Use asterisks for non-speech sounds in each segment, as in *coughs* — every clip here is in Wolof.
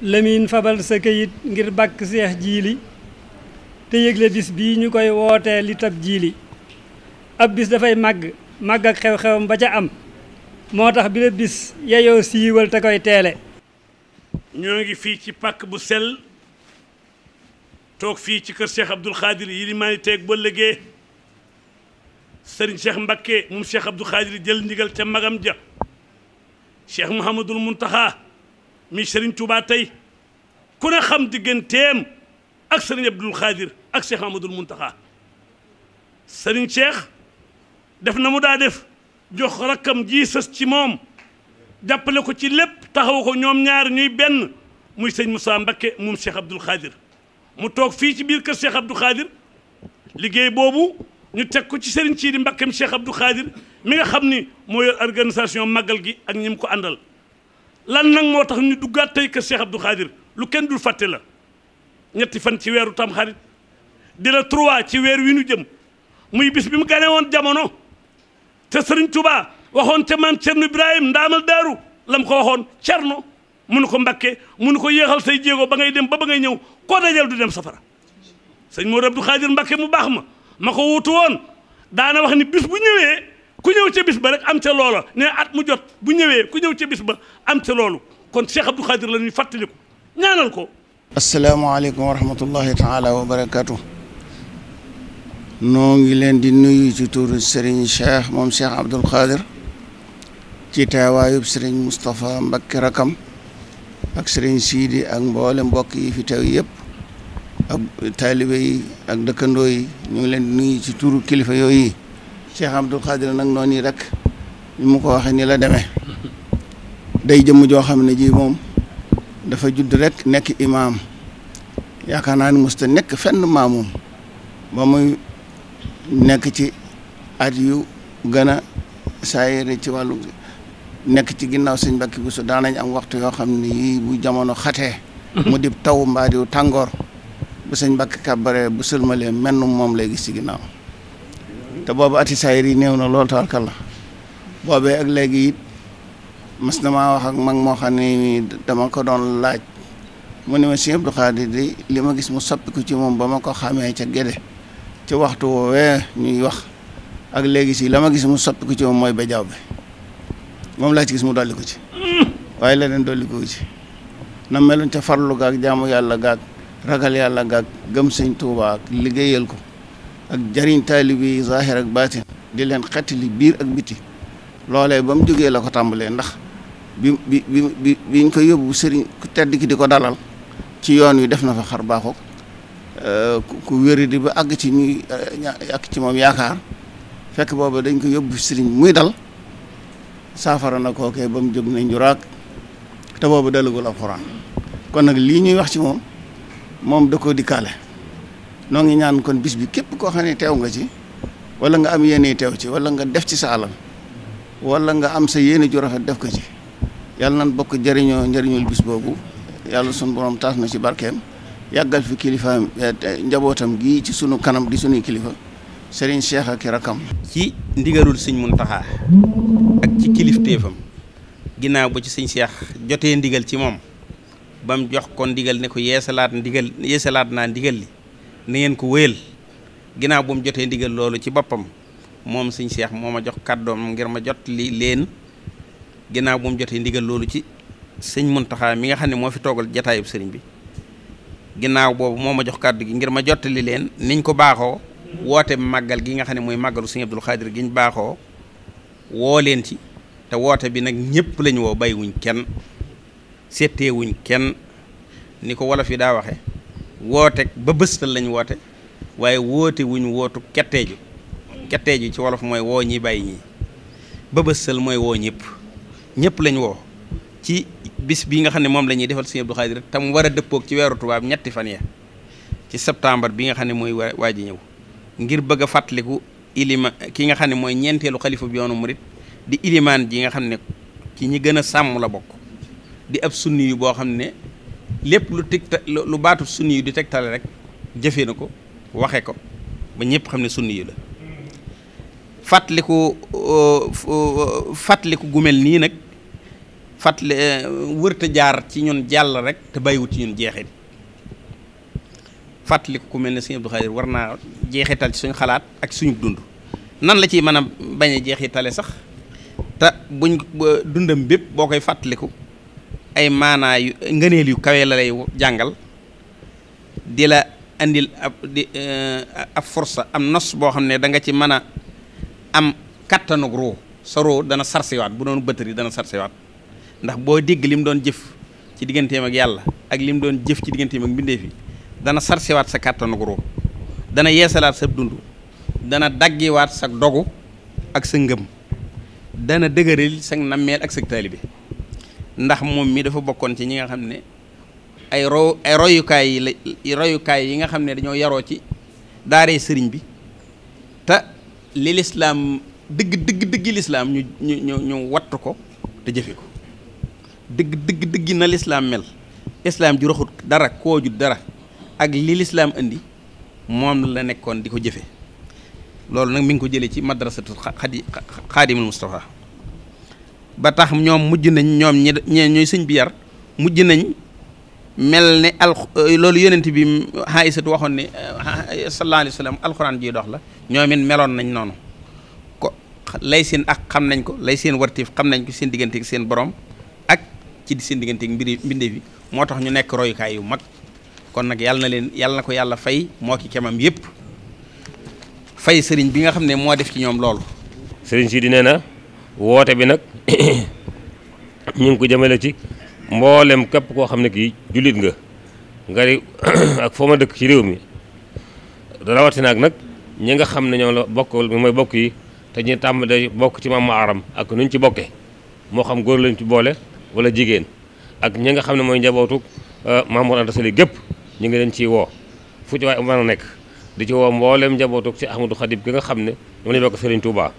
Lamine fabal sa kayit ngir bàkk seex jiili te yëgle bis bi ñu koy woote li tab jiili ab bis dafay màgg màgg ak xew-xewam ba ca am moo tax bi la bis yeyoo siiwal te koy teele ñoo ngi fii ci pàkk bu sel toog fii ci kër Cheikh Abdoul Khadir yi limaani teeg ba léegi sëriñ Cheikh Mbakke moom Cheikh Abdoul Khadir jël ndigal ca magam ja Cheikh Mouhamadul Muntaha mi Serigne Touba tey ku ne xam digganteem ak Serigne Abdoul Khadir ak Cheikh Amadou Mountakha Serigne Cheikh def na mu daa def jox rakkam ji sës ci moom jàppale ko ci lépp taxaw ko ñoom ñaar ñuy benn muy sëñ Moussa Mbakke mu Cheikh Abdoul Khadir mu toog fii ci biir kër Cheikh Abdoul Khadir liggéey boobu ñu teg ko ci Serigne Sidi Mbakkeem Cheikh Abdoul Khadir mi nga xam ni moo yor organisation màggal gi ak ñi mu ko àndal. lan nag moo tax ñu duggaat tey kër Cheikh Abdou Khadir lu kenn dul fàtte la ñetti fan ci weeru tamxarit di la trois ci weer wi nu jëm muy bis bi mu gane woon jamono te sëriñ Touba waxoon te maam Cerno Ibrahim ndaamal daaru lam ko waxoon Cerno munu ko mbakke munu ko yéexal say jéego ba ngay dem ba ba ngay ñëw koo dajal du dem safara sëñ Modou Abdou Khadir Mbakke mu baax ma ma ko wutu woon daana wax ni bis bu ñëwee ku ñëw ca bis ba rek am ca loola ne at mu jot bu ñëwee ku ñëw ca bis ba am ca loolu kon Cheikh Abdou Khadir la ñuy fàttaliku ñaanal ko. asalaamaaleykum wa rahmatullahi taala wa barakaatu. noo ngi leen di nuyu ci turu Serigne Cheikh moom Cheikh Abdou Khadir ci teewaayub Serigne Moustapha Mbacké rakam ak Serigne Sidi ak mboole mbokk yi fi teew yëpp ak taalibe ak dëkkandoo yi ñu ngi leen di nuyu ci turu kilifa yooyu. Cheikh Abdou Khadir nag noonu nii rek ni mu ko waxee ni la demee day jëmm joo xam ne ji moom dafa judd rek nekk imaam yaakaar naa ni musta nekk fenn maamum ba muy nekk ci at yu gën a saayere ci wàllu nekk ci ginnaaw sëñ Mbàkke Buso daanañ am waxtu yoo xam ne yii bu jamono xatee mu dib taw mbaa tàngoor bu sëñ Mbàkke kàbbaree bu sëlmalee menn moom lay gis ci ginnaaw te boobu ati sayir yi néew na lool tawarkalla boobee ak léegi it mas na maa wax ak mag moo xam ne dama ko doon laaj mu ne ma Sëñ Abdou Khadir li ma gis mu soppiku ci moom ba ma ko xamee ca Gédé ci waxtu woowee ñuy wax ak léegi si la ma gis mu soppiku ci moom mooy bajaaw bi moom laa ci gis mu dolli ko ci waaye leneen dolli ci na meluñ ca farlu gaag jàmm yàlla gaag ragal yàlla gaag gëm sëñ Tuubaa ak liggéeyal ko. ak jariñ taalibe yi zaahir ak baatin di leen xettali biir ak biti loole ba mu jógee la ko tàmbalee ndax bi bi bi biñ ko yóbbu sëriñ ku tedd ki di ko dalal ci yoon wi def na fa xar baaxook euh, ku wéri di ba àgg ci ñuy euh, ak ci moom yaakaar fekk booba dañ ko yóbbu sëriñ muy dal saafara na kookee ba mu jóg ne njuraak te booba dalagul alxuraan kon nag lii ñuy wax ci moom moom da koo dikkaale noo ngi ñaan kon bis bi képp koo xam ne teew nga ci wala nga am yéene teew ci wala nga def ci sa alal walla nga am sa yéene ju rafet def ko ci yàlla nan bokk jëriñoo njëriñul bis boobu yàlla sunu borom taas na ci barkeem yàggal fi kilifaam eh, njabootam gi ci sunu kanam di sunuy kilifa sëriñ Cheikh ak rakam. ci ndigalul sëñ Muntaxa ak ci kilifteefam ginnaaw ba ci sëñ Cheikh jotee ndigal ci moom bam jox ko ndigal ne ko yeesalaat ndigal yeesalaat naa ndigal li. na ngeen ko wéyal ginnaaw bu jotee ndigal loolu ci boppam moom sëñ Seex moo ma jox kàddoom ngir ma jot li leen ginnaaw bu mu jotee ndigal loolu ci sëñ Muntaxa mi nga xam ne moo fi toogal jataayub sëriñ bi ginnaaw boobu moo ma jox kàddu gi ngir ma jottali leen niñ ko baaxoo woote màggal gi nga xam ne mooy màggalu sëñ Abdul Xaadir gi baaxoo woo leen ci te woote bi nag ñëpp lañu woo bàyyiwuñ kenn setteewuñ kenn ni ko wolof yi daa waxe woote ba bëstal lañ woote waaye woote wuñ wootu ketteeju ketteeju ci wolof mooy woo ñi bàyyi ñii ba bëstal mooy woo ñëpp ñëpp lañu woo ci bis bi nga xam ne moom la ñuy defal Sëriñ Abdou Khadre tam war a dëppoog ci weeru tubaab ñetti fan ya ci septembre bi nga xam ne mooy waa ji ñëw ngir bëgg fàttaliku ilima ki nga xam ne mooy ñeenteelu xalifa bi yoonu murit di ilimaan ji nga xam ne ci ñi gën a sàmm la bokk di ab sunni yu boo xam ne lépp lu tegta lu baatu sunni yu di tegtale rek jëfee na ko waxee ko ba ñëpp xam ne sunni yu la fàttaliku uh, uh, fàttaliku gu mel nii nag fàttali uh, wërta jaar ci ñun jàll rek te bàyyiwut ci ñun jeexit fàttaliku ku mel ne sëñ Abdou Khadir war naa jeexital ci suñu xalaat ak suñu dund nan la ciy mën a bañ jeexitale sax te buñ dundam bépp boo koy fàttaliku ay maanaa yu ngëneel yu kawe la lay jàngal di la indil ab di eh, ab forsa am nos boo xam ne danga ci mën a am kattanug ruu sa ruu dana sarsiwaat bu doon bëtëri dana sarsiwaat ndax boo dégg li mu doon jëf ci digganteem ak yàlla ak li mu doon jëf ci digganteem ak mbindeef yi dana sarsiwaat sa kattanug ruu dana yeesalaat sa dund dana daggiwaat sa dogu ak sa ngëm dana dëgëral sa nammeel ak sa taalibe ndax moom mi dafa bokkoon ci ñi nga xam ne ay ro royukaay yi la royukaay yi nga xam ne dañoo yaroo ci daaree sëriñ bi te li lislaam dëgg dëgg dëgg lislaam ñu ñu ñu ñu wattu ko te jëfe ko dëgg dëgg dëgg na lislaam mel islaam ju raxut dara kooju dara ak li lislaam indi moom la nekkoon di ko jëfe loolu nag mi ngi ko jëlee ci madrasatul xaadi xaadimul Mustafa ba tax ñoom mujj nañ ñoom ñi ñee ñooy sëñ bi yar mujj nañ mel ne al euh, loolu yonent bi Aysatu waxoon ne euh, sallallahu alayhi wa alxuraan ji dox la ñoom it meloon nañ noonu ko lay seen ak xam nañ ko lay seen wartiif xam nañ ko seen digganteeg seen borom ak ci seen digganteeg mbiri mbindeef yi moo tax ñu nekk royukaay yu mag kon nag yàlla na leen yàlla na ko yàlla fay moo ki kemam yépp fay sëriñ bi nga xam ne moo def ci ñoom loolu. sëriñ si di nee na woote bi nag. *coughs* ñu ngi ko jëmale ci mbooleem képp koo xam ne kii jullit nga nga *coughs* ak foo ma dëkk ci réew mi rawatina ak nag ñi nga xam ne ñoo la bokk mooy bokk yi te ñu tàmm bokk ci maam aram ak nuñ ci bokkee moo xam góor lañ ci boole wala jigéen ak ñi nga xam ne mooy njabootu euh, maam Mor Anta Sali gépp ñu ngi leen ciy woo fu ci waaye mën a nekk di ci woo mboolem njabootu ci Ahmadou Xadib gi nga xam ne moom lañ bokk Serigne Touba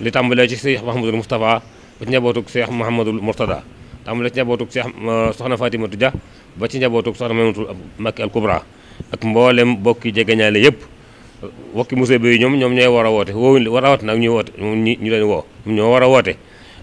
li tàmbalee ci Serigne Mahamadou Moustapha ba ci njabootug Cheikh Mouhamadul Mourtada tàmbale ci njabootug Cheikh euh, soxna Fatimatu Dia ba ci njabootug soxna Maymunatul Makki al Kubra ak mboolem bokki ñaale yëpp wokki musée bi ñoom ñoom ñooy war a woote woowuñ war a woote nag ñuy woote ñu leen woo ñoo war a woote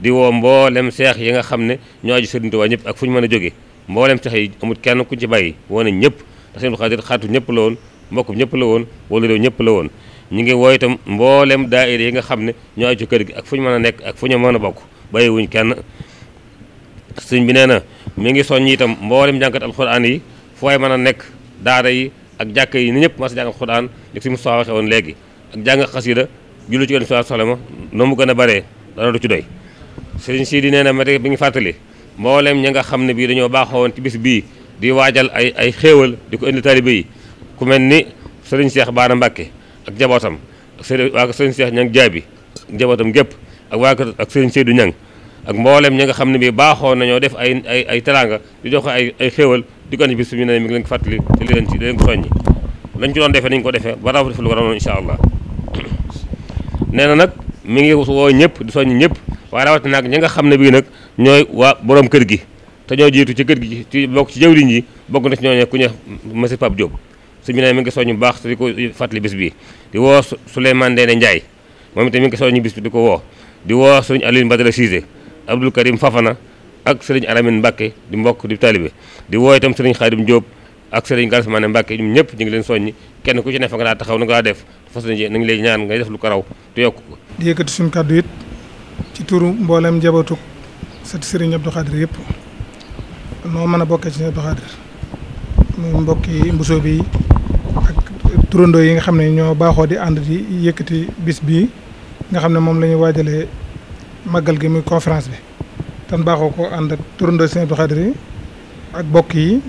di woo mboolem seex yi nga xam ne ñoo aju Sëriñ Tuubaa ñëpp ak fu ñu mën a jógee mboolem seex yi amul kenn ku ci bàyyi woo nañ ñëpp ndax seen xaatu ñëpp la woon ñëpp la woon wala réew ñëpp la woon ñu ngi woo itam mboolem daayira yi nga xam ne ñoo aju kër gi ak fu ñu mën a nekk ak fu ñu mën a bokk bayewuñ kenn sëñ bi nee na mi ngi soññ itam mboolem jànkat alxuraan yi fooy mën a nekk daada yi ak jàkka yi ni ñëpp mas jàng alxuraan li fi mu waxe woon léegi ak jàng xasida jullu ci yoon si salama noo mu gën a baree dara du ci doy sëriñ si di nee na mate bi ngi fàttali mboolem ñi nga xam ne bii dañoo baaxoo woon ci bis bii di waajal ay ay xéewal di ko indi taalibe yi ku mel ni sëriñ Cheikh Baara Mbacke ak njabootam ak sëriñ waa sëriñ Cheikh ña ngi jaabi njabootam gépp ak waa kër ak sëriñ Seydou Niang ak mboolem ñi nga xam ne bii baaxoo nañoo def ay ay ay teraanga di jox ay ay xéewal di ko andi bis mi ne mi ngi leen ko fàttali te li ko doon defee nañ ko defee ba raw def lu ko doon incha allah *coughs* nee na nag mi ngi woo ñëpp di soññi ñëpp waaye ñi nga xam ne bii nag ñooy waa borom kër gi te jiitu ci kër gi ci ci jawriñ yi bokk na ci ñooñu ku ñuy monsieur Pape Diop su ñu nee mi ngi soññu bu baax di ko fàttali bis bi di woo Souleymane Ndeye Ndiaye moom itam mi ngi soññu bis di ko woo di woo sëriñ Alioune Badara Cissé Abdoul Karim Fafana ak sëriñ Aramine Mbacke di mbokk di talibe di woo itam sëriñ Xaadim Diop ak sëriñ Galasmane Mbacke ñoom ñëpp ñu ngi leen soññi kenn ku ci ne fa nga daa taxaw na nga daa def fas nañu nañu lay ñaan def lu ko raw te yokk ko. di yëkkati suñu kàddu it ci turu mboolem njabootu sët sëriñ Abdou Khadir yëpp noo mën a bokkee ci Abdou Khadir muy mbokk yi mbusoo bi ak turandoo yi nga xam ne ñoo baaxoo di ànd di yëkkati bis bii nga xam ne moom la ñuy waajalee màggal gi muy confrance bi tan baaxoo ko ànd ak turandoo de Abdou Khadre yi ak bokk yi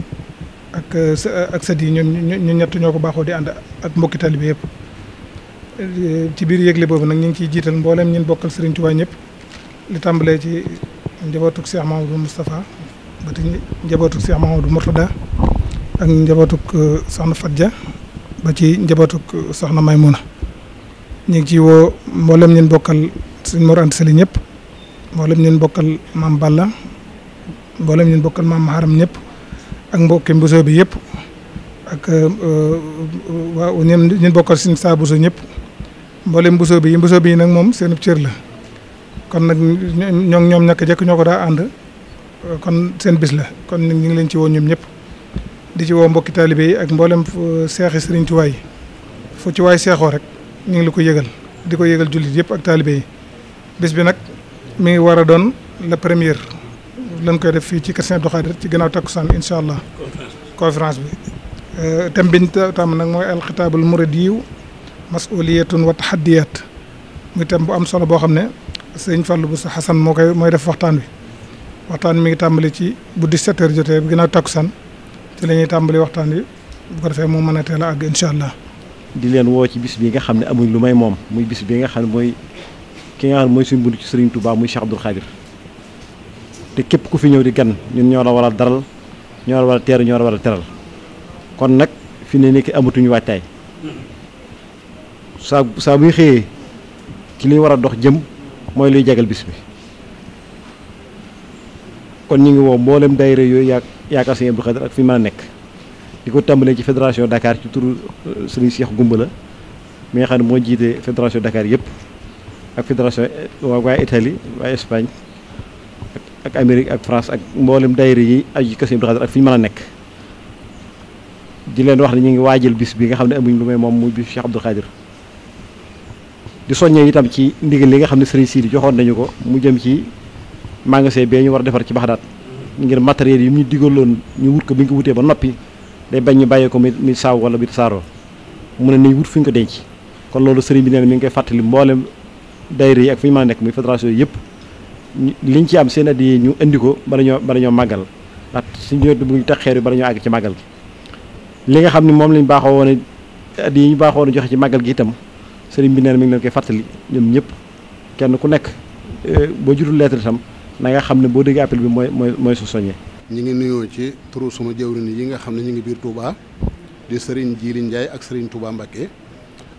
ak euh, euh, ak sët yi ñoom ñu ñett ñoo ko baaxoo di ànd ak mbokki taalibe yëpp euh, ci biir yëgle boobu nag ñu ngi ciy jiital mbooleem ñun bokkal Serigne Touba ñëpp li tàmbalee ci njabootug Cheikh Mahamadou Moustapha ba ci njabootug Cheikh Mahamadou Mourtada ak njabootug Soxna Fadja ba ci njabootug Soxna Maymouna ñu ngi ci woo mbooleem ñun bokkal suñ Mor Anta Sali ñëpp mboolem ñun bokkal maam Balla mboolem ñun bokkal maam Haram ñëpp ak mbokki Mbuso bi yëpp ak euh, euh, waaw ñun ñun bokkal suñ saa Buso ñëpp mboolem Mbuso bi yi Mbuso bi nag moom seen cër la kon nag ñoo ñoom ñàkk jekk ñoo ko daa ànd kon seen bis la kon ñu ngi leen ci woo ñoom ñëpp di ci woo mbokki taalibe yi ak mboolem euh, seexi Sëriñ Tuubaa waay fu ci waay seexoo rek ñu ngi la ko yëgal di ko yëgal jullit yëpp ak taalibe yi bis bi nag mi ngi war a doon le première lañ koy def fii ci kër Sëñ Abdou Khadre ci gannaaw takkusaan incha allah. conférence bi euh, thème bi ñu tam nag mooy alxitaabul muridiyu masuliyatun wa tahaddiyat muy thème bu am solo boo xam ne sëñ Fallou Boussa Hassan moo koy mooy def waxtaan wi waxtaan mi ngi tàmbali ci bu 17 heures jotee bu ginnaaw takkusaan ci la ñuy tàmbali waxtaan wi bu ko defee moo mën a teel a àgg incha allah. di leen woo ci bis bii nga xam ne amuñ lu may moom muy bis bi nga xam ne mooy ki nga xam ne mooy suñu bunt ci Serigne Touba muy Cheikh Abdoul Khadir te képp ku fi ñëw di gan ñun ñoo la war a daral ñoo la war a teeru ñoo la war a teral kon nag fi ne nii ki amatuñu waajtaay saa saa buy xëyee ci li war a dox jëm mooy luy jagal bis bi kon ñu ngi woo mboolem daayira yooyu yaa yaakaar Serigne Abdoul Khadir ak fi mën nekk di ko tàmbalee ci fédération Dakar ci turu seex gumba la mi nga xam ne moo jiite fédération Dakar yëpp ak fédération waa Italie waa Espagne ak Amérique ak France ak mboolem daayira yi aju kër Sëriñ Abdou Khadre ak fi ñu mën a nekk di leen wax ne ñu ngi waajal bis bi nga xam ne amuñ lu may moom muy bis Cheikh Abdou Khadre di soññee tam ci ndigal li nga xam ne Serigne di joxoon nañu ko mu jëm ci magasin bee ñu war a defar ci Baxdaad ngir matériel yi ñu digaloon ñu wut ko bi ñu ko wutee ba noppi day bañ ñu bàyyee ko mi mi saaw wala bi saaroo mu daayira yi ak fu ñu mën a nekk muy fédération yi yëpp liñ ci am seen at yi ñu indi ko bala ñoo bala ñoo màggal ndax suñu buñu teg xeer yi bala ñoo àgg ci màggal gi li nga xam ne moom ñu baaxoo woon at yi ñu baaxoo woon joxe ci màggal gi itam sëriñ bi neen mi ngi leen koy fàttali ñoom ñëpp kenn ku nekk eh, boo jurul lettre itam na nga xam ne boo déggee appel bi mooy mooy mooy su soññee ñi ngi nuyoo ci turu suma jawriñ yi nga xam ne ñu ngi biir Touba di sëriñ Jili Ndiaye ak sëriñ Touba Mbacké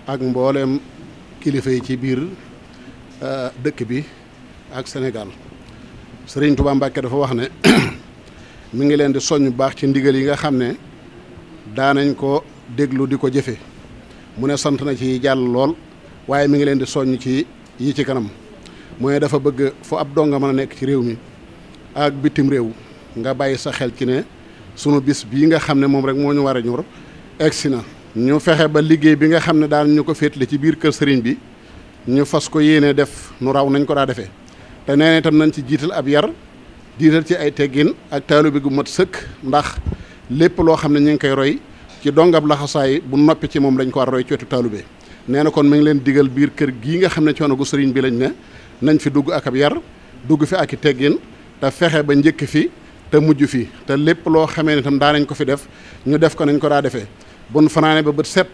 ak mbooleem kilifa yi ci biir Euh, dëkk bi ak Sénégal sëriñ Touba Mbacke dafa wax ne *clears throat* mu ngi leen di soññ bu baax ci ndigal yi nga xam ne daanañ ko déglu di ko jëfe mu ne sant na ci jàll lool waaye mi ngi leen di soññ ci yi ci kanam mooy dafa bëgg fu ab donga mën a nekk ci réew mi ak bitim réew nga bàyyi sa xel ci ne sunu bis bii nga xam ne moom rek moo ñu war a ñor egsi na ñu fexe ba liggéey bi nga xam ne daan ko féetale ci biir kër sëriñ bi ñu fas ko yéene def nu raw nañ ko daa defee te nee na itam nañ ci jiital ab yar jiital ci ay teggin ak taalu gu mat sëkk ndax lépp loo xam ne ñu ngi koy roy ci dongab laxasaay bu noppi ci moom lañ ko war a roy ci wetu taalube nee na kon mi ngi leen digal biir kër gi nga xam ne coono gu sëriñ bi lañ ne nañ fi dugg ak ab yar dugg fi ak i teggin te fexe ba njëkk fi te mujj fi te lépp loo xamee ne tam daa nañ ko fi def ñu def ko nañ ko daa defee bun fanaane ba bët set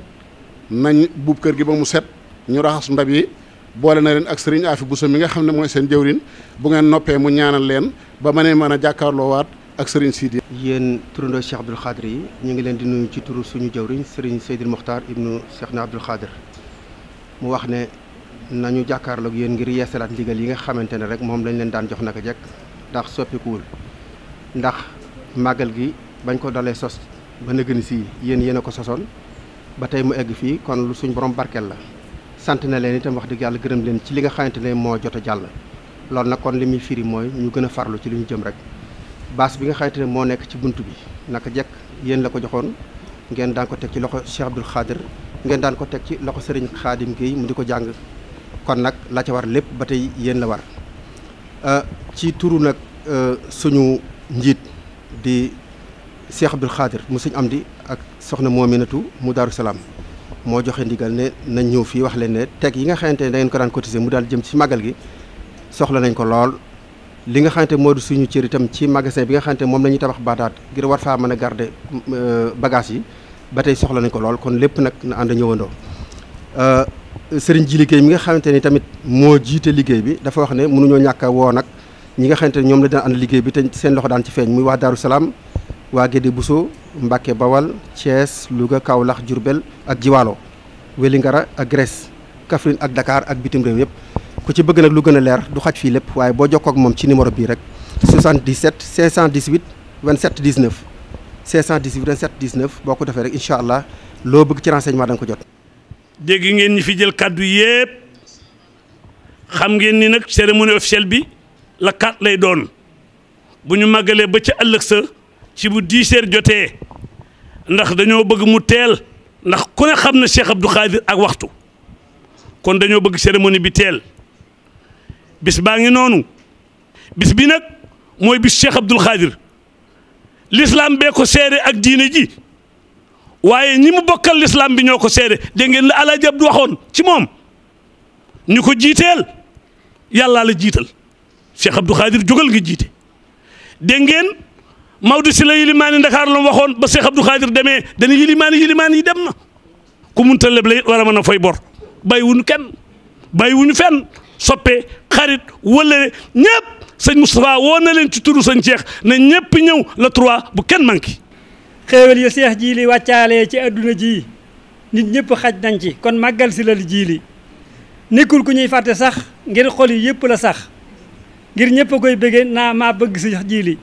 nañ buub kër gi ba mu set ñu raxas ndab yi boole na leen ak sëriñ Afi Bousso mi nga xam ne mooy seen jëwrin bu ngeen noppee mu ñaanal leen ba mënee mën a jàkkaarloo waat ak sëriñ Sidi. yéen turandoo Cheikh Abdoul Khadir yi ñu ngi leen di nuyu ci turu suñu jëwriñ sëriñ Seydil Mokhtar ibnu Cheikh na Abdoul Khadir mu wax ne nañu jàkkaarloog yéen ngir yeesalaat ndigal yi nga xamante ne rek moom lañ leen daan jox a jekk ndax soppikuwul ndax màggal gi bañ ko dalee sos ba nëgën si yéen yéen a ko sosoon ba tey mu egg fii kon lu suñ borom barkeel la sant na leen itam wax dëgg yàlla gërëm leen ci li nga xamante ne moo jot a jàll loolu nag kon li muy firi mooy ñu gën a farlu ci li ñu jëm rek baas bi nga xamante ne moo nekk ci bunt bi naka jekk yéen la ko joxoon ngeen daan ko teg ci loxo Cheikh Abdoul Khadir ngeen daan ko teg ci loxo Serigne Khadim Gueye mu di ko jàng kon nag la ca war lépp ba tey yéen la war euh, ci turu nag euh, suñu njiit di Cheikh Abdoul Khadir mu sëñ am di ak soxna Mominatu mu Daaru Salaam moo joxe ndigal ne nañ ñëw fii wax leen ne teg yi nga xamante ne da ngeen ko daan cotiser mu daan jëm ci màggal gi soxla nañ ko lool li nga xamante moo di suñu cër itam ci magasin bi nga moom la ñuy tabax baataat ngir war faa mën a garder euh, bagage yi ba tey soxla nañ ko lool kon lépp nag na ànd ñëwandoo euh, sëriñ ji liggéey mi nga xamante ni tamit moo jiite liggéey bi dafa wax ne mënuñoo ñàkk woo nag ñi nga xamante ñoom la daan ànd liggéey bi te seen loxo daan ci feeñ muy waa Daaru Salaam waa Gédé Bousso Mbacke Bawal Thiès Louga Kaolack Diourbel ak Jiwaalo Wélingara ak Grèce Kaffrine ak Dakar ak bitim réew yëpp ku ci bëgg nag lu gën a leer du xaj fii lépp waaye boo jokkoo ak moom ci numéro bii rek 77 518 27 19 518 27 19 boo ko defee rek incha allah loo bëgg ci renseignement da nga ko jot. dégg ngeen ñi fi jël kàddu yëpp xam ngeen ni nag cérémonie officielle bi la 4 lay doon bu ñu màggalee ba ca ëllëg sa. ci bu dix heures jotee ndax dañoo bëgg mu teel ndax ku xam na Cheikh Abdou Khadir ak waxtu kon dañoo bëgg cérémonie bi teel bis baa ngi noonu bis bi nag mooy bis Cheikh Abdou Khadir l'islam bee ko seere ak diine ji waaye ñi mu bokkal lislaam bi ñoo ko seere dégg ngeen la Alaaji Abdu waxoon ci moom ñu ko jiiteel yàllaa la jiital Cheikh Abdou Khadir jógal nga jiite dégg Maodo si la yilimaani Ndakaar la waxoon ba Cheikh Abdou Khadir demee dana yilimaani yilimaani yi dem na ku munta leble it war a mën a fay bor bàyyi wuñu kenn bàyyi wuñu fenn soppe xarit wala ñëpp sëñ Moustapha woo na leen ci turu sëñ Cheikh ne ñëpp ñëw la trois bu kenn manqué. xéewal yu seex ji li wàccaalee ci àdduna ji nit ñëpp xaj nañ ci kon màggal si la li ji li nekkul ku ñuy fàtte sax ngir xol yi yëpp la sax ngir ñëpp a koy bëggee naa maa bëgg si li